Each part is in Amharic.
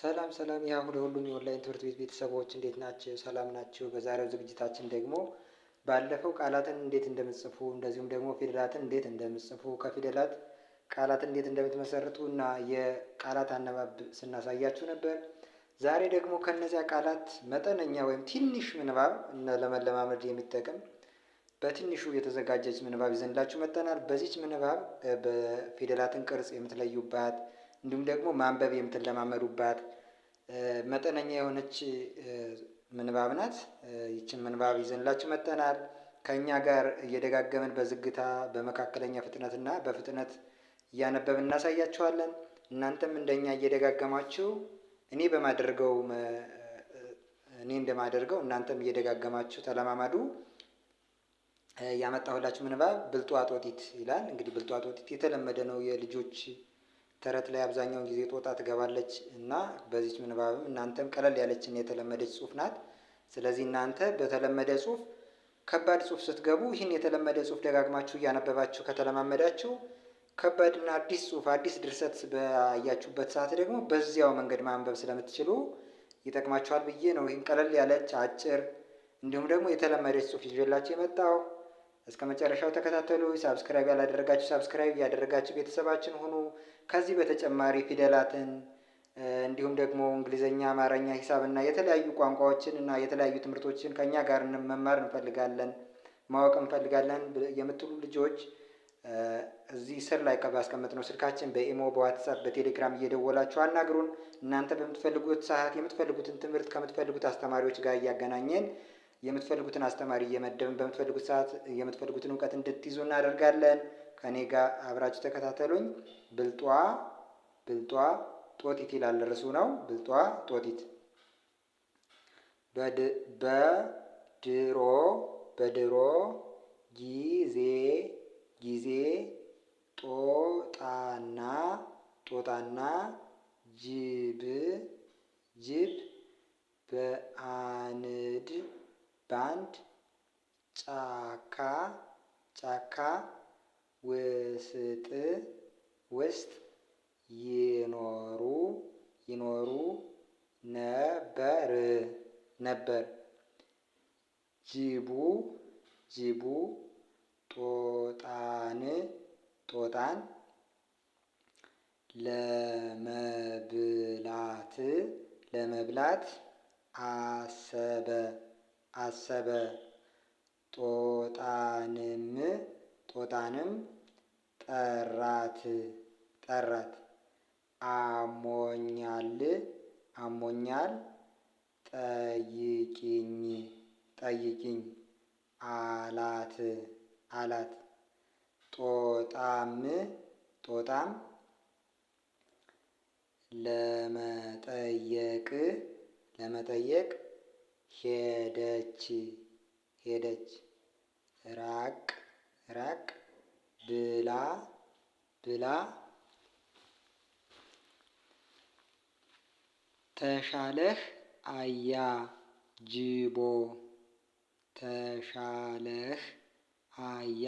ሰላም ሰላም የሀሁ ሁሉም የኦንላይን ትምህርት ቤት ቤተሰቦች እንዴት ናቸው? ሰላም ናቸው። በዛሬው ዝግጅታችን ደግሞ ባለፈው ቃላትን እንዴት እንደምትጽፉ እንደዚሁም ደግሞ ፊደላትን እንዴት እንደምትጽፉ ከፊደላት ቃላት እንዴት እንደምትመሰርቱ እና የቃላት አነባብ ስናሳያችሁ ነበር። ዛሬ ደግሞ ከእነዚያ ቃላት መጠነኛ ወይም ትንሽ ምንባብ ለመለማመድ የሚጠቅም በትንሹ የተዘጋጀች ምንባብ ይዘንላችሁ መጠናል። በዚች ምንባብ በፊደላትን ቅርጽ የምትለዩባት እንዲሁም ደግሞ ማንበብ የምትለማመዱባት መጠነኛ የሆነች ምንባብ ናት። ይችን ምንባብ ይዘንላችሁ መጥተናል። ከእኛ ጋር እየደጋገምን በዝግታ በመካከለኛ ፍጥነትና በፍጥነት እያነበብን እናሳያችኋለን። እናንተም እንደኛ እየደጋገማችሁ እኔ በማደርገው እኔ እንደማደርገው እናንተም እየደጋገማችሁ ተለማማዱ። ያመጣሁላችሁ ምንባብ ብልጧ ጦጢት ይላል። እንግዲህ ብልጧ ጦጢት የተለመደ ነው የልጆች ተረት ላይ አብዛኛውን ጊዜ ጦጣ ትገባለች እና በዚች ምንባብም እናንተም ቀለል ያለችና የተለመደች ጽሁፍ ናት። ስለዚህ እናንተ በተለመደ ጽሁፍ ከባድ ጽሁፍ ስትገቡ ይህን የተለመደ ጽሁፍ ደጋግማችሁ እያነበባችሁ ከተለማመዳችሁ ከባድና አዲስ ጽሁፍ አዲስ ድርሰት ባያችሁበት ሰዓት ደግሞ በዚያው መንገድ ማንበብ ስለምትችሉ ይጠቅማችኋል ብዬ ነው ይህን ቀለል ያለች አጭር እንዲሁም ደግሞ የተለመደች ጽሁፍ ይዤላችሁ የመጣው እስከ መጨረሻው ተከታተሉ። ሳብስክራይብ ያላደረጋችሁ ሳብስክራይብ ያደረጋችሁ ቤተሰባችን ሁኑ። ከዚህ በተጨማሪ ፊደላትን እንዲሁም ደግሞ እንግሊዝኛ፣ አማርኛ፣ ሂሳብና የተለያዩ ቋንቋዎችን እና የተለያዩ ትምህርቶችን ከእኛ ጋር መማር እንፈልጋለን ማወቅ እንፈልጋለን የምትሉ ልጆች እዚህ ስር ላይ ነው ስልካችን በኢሞ በዋትሳፕ በቴሌግራም እየደወላችሁ አናግሩን። እናንተ በምትፈልጉት ሰዓት የምትፈልጉትን ትምህርት ከምትፈልጉት አስተማሪዎች ጋር እያገናኘን የምትፈልጉትን አስተማሪ እየመደብን በምትፈልጉት ሰዓት የምትፈልጉትን እውቀት እንድትይዙ እናደርጋለን። ከእኔ ጋር አብራችሁ ተከታተሉኝ። ብልጧ ብልጧ ጦጢት ይላል ርዕሱ ነው። ብልጧ ጦጢት በድሮ በድሮ ጊዜ ጊዜ ጦጣና ጦጣና ጅብ ጅብ በአንድ ባንድ ጫካ ጫካ ውስጥ ውስጥ ይኖሩ ይኖሩ ነበር ነበር። ጅቡ ጅቡ ጦጣን ጦጣን ለመብላት ለመብላት አሰበ አሰበ። ጦጣንም ጦጣንም ጠራት ጠራት። አሞኛል አሞኛል ጠይቂኝ ጠይቂኝ አላት አላት። ጦጣም ጦጣም ለመጠየቅ ለመጠየቅ ሄደች ሄደች ራቅ ራቅ ብላ ብላ ተሻለህ አያ ጅቦ ተሻለህ አያ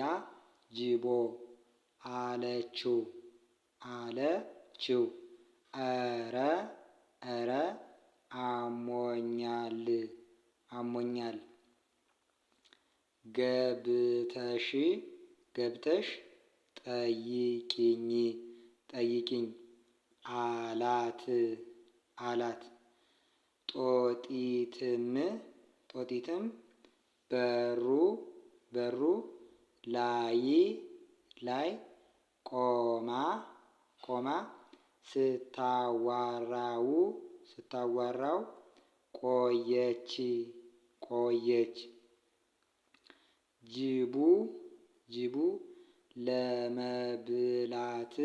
ጅቦ አለችው አለችው ኧረ ኧረ አሞኛል አሞኛል። ገብተሽ ገብተሽ ጠይቂኝ ጠይቂኝ አላት አላት። ጦጢትም ጦጢትም በሩ በሩ ላይ ላይ ቆማ ቆማ ስታዋራው ስታዋራው ቆየች። ቆየች። ጅቡ ጅቡ ለመብላት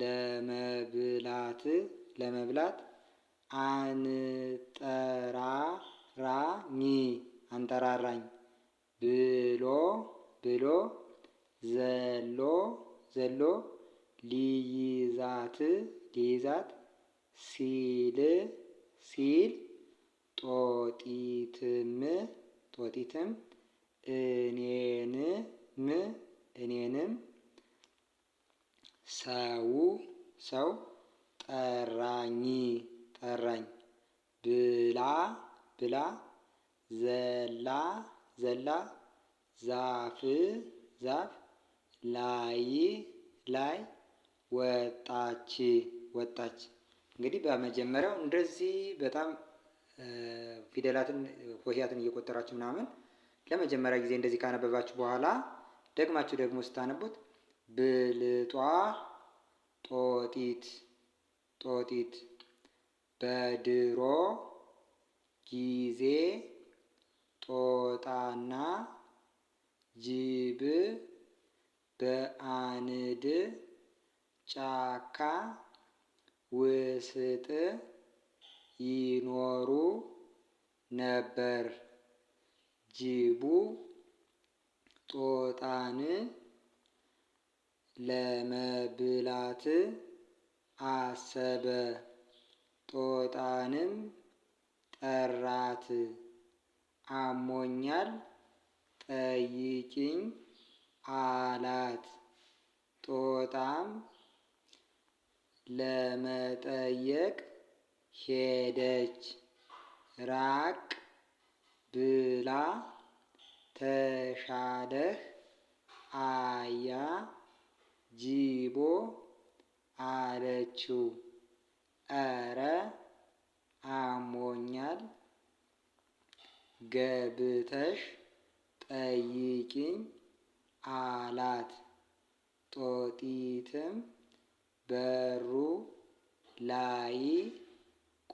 ለመብላት ለመብላት አንጠራራኝ አንጠራራኝ ብሎ ብሎ ዘሎ ዘሎ ሊይዛት ሊይዛት ሲል ሲል ጦጢትም ጦጢትም እኔንም እኔንም ሰው ሰው ጠራኝ ጠራኝ ብላ ብላ ዘላ ዘላ ዛፍ ዛፍ ላይ ላይ ወጣች ወጣች። እንግዲህ በመጀመሪያው እንደዚህ በጣም ፊደላትን ሆሄያትን እየቆጠራችሁ ምናምን ለመጀመሪያ ጊዜ እንደዚህ ካነበባችሁ በኋላ ደግማችሁ ደግሞ ስታነቡት ብልጧ ጦጢት ጦጢት በድሮ ጊዜ ጦጣና ጅብ በአንድ ጫካ ውስጥ ይኖሩ ነበር። ጅቡ ጦጣን ለመብላት አሰበ። ጦጣንም ጠራት። አሞኛል ጠይቂኝ አላት። ጦጣም ለመጠየቅ ሄደች። ራቅ ብላ ተሻለህ አያ ጅቦ አለችው። እረ አሞኛል ገብተሽ ጠይቂኝ አላት። ጦጢትም በሩ ላይ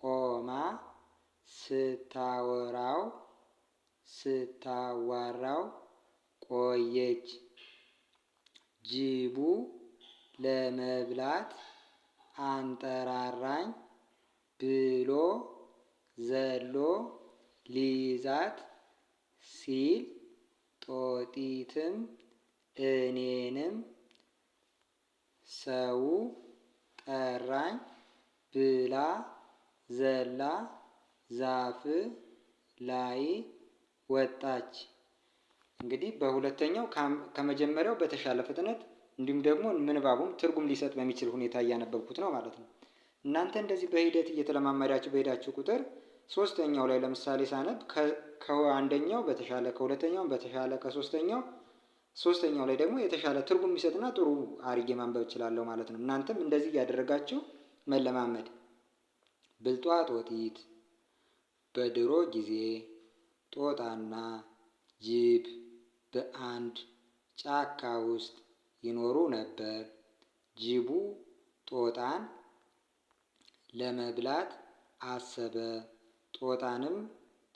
ቆማ ስታወራው ስታዋራው ቆየች። ጅቡ ለመብላት አንጠራራኝ ብሎ ዘሎ ሊይዛት ሲል ጦጢትም እኔንም ሰው ጠራኝ ብላ ዘላ ዛፍ ላይ ወጣች። እንግዲህ በሁለተኛው ከመጀመሪያው በተሻለ ፍጥነት እንዲሁም ደግሞ ምንባቡም ትርጉም ሊሰጥ በሚችል ሁኔታ እያነበብኩት ነው ማለት ነው። እናንተ እንደዚህ በሂደት እየተለማመዳችሁ በሄዳችሁ ቁጥር ሶስተኛው ላይ ለምሳሌ ሳነብ ከአንደኛው በተሻለ ከሁለተኛው በተሻለ ከሶስተኛው ሶስተኛው ላይ ደግሞ የተሻለ ትርጉም የሚሰጥና ጥሩ አርጌ ማንበብ እችላለሁ ማለት ነው። እናንተም እንደዚህ እያደረጋችሁ መለማመድ ብልጧት ወጢት በድሮ ጊዜ ጦጣና ጅብ በአንድ ጫካ ውስጥ ይኖሩ ነበር። ጅቡ ጦጣን ለመብላት አሰበ። ጦጣንም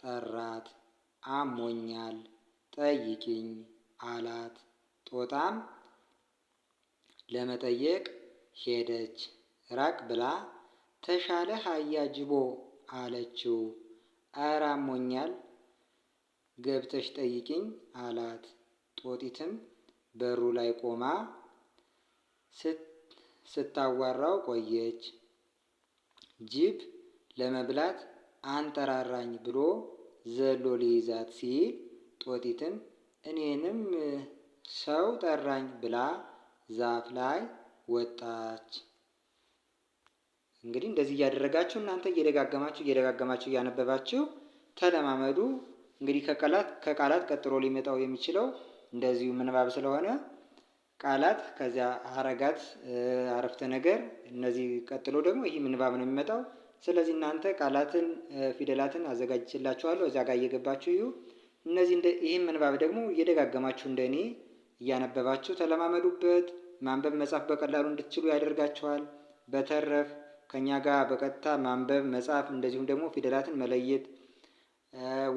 ጠራት፣ አሞኛል ጠይቂኝ አላት። ጦጣም ለመጠየቅ ሄደች። ራቅ ብላ ተሻለህ አያ ጅቦ አለችው። ኧረ አሞኛል ገብተሽ ጠይቂኝ አላት። ጦጢትም በሩ ላይ ቆማ ስታዋራው ቆየች። ጅብ ለመብላት አንጠራራኝ ብሎ ዘሎ ሊይዛት ሲል ጦጢትም እኔንም ሰው ጠራኝ ብላ ዛፍ ላይ ወጣች። እንግዲህ እንደዚህ እያደረጋችሁ እናንተ እየደጋገማችሁ እየደጋገማችሁ እያነበባችሁ ተለማመዱ። እንግዲህ ከቃላት ከቃላት ቀጥሎ ሊመጣው የሚችለው እንደዚሁ ምንባብ ስለሆነ ቃላት ከዚያ ሀረጋት፣ አረፍተ ነገር እነዚህ ቀጥሎ ደግሞ ይህ ምንባብ ነው የሚመጣው። ስለዚህ እናንተ ቃላትን፣ ፊደላትን አዘጋጅችላችኋለሁ እዚያ ጋር እየገባችሁ እዩ። እነዚህ ይህም ምንባብ ደግሞ እየደጋገማችሁ እንደ እኔ እያነበባችሁ ተለማመዱበት። ማንበብ መጻፍ በቀላሉ እንድትችሉ ያደርጋችኋል። በተረፍ ከኛ ጋር በቀጥታ ማንበብ መጻፍ እንደዚሁም ደግሞ ፊደላትን መለየት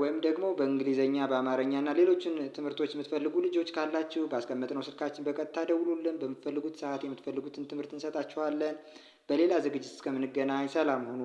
ወይም ደግሞ በእንግሊዘኛ በአማርኛ እና ሌሎችን ትምህርቶች የምትፈልጉ ልጆች ካላችሁ ባስቀመጥነው ስልካችን በቀጥታ ደውሉልን። በምትፈልጉት ሰዓት የምትፈልጉትን ትምህርት እንሰጣችኋለን። በሌላ ዝግጅት እስከምንገናኝ ሰላም ሁኑ።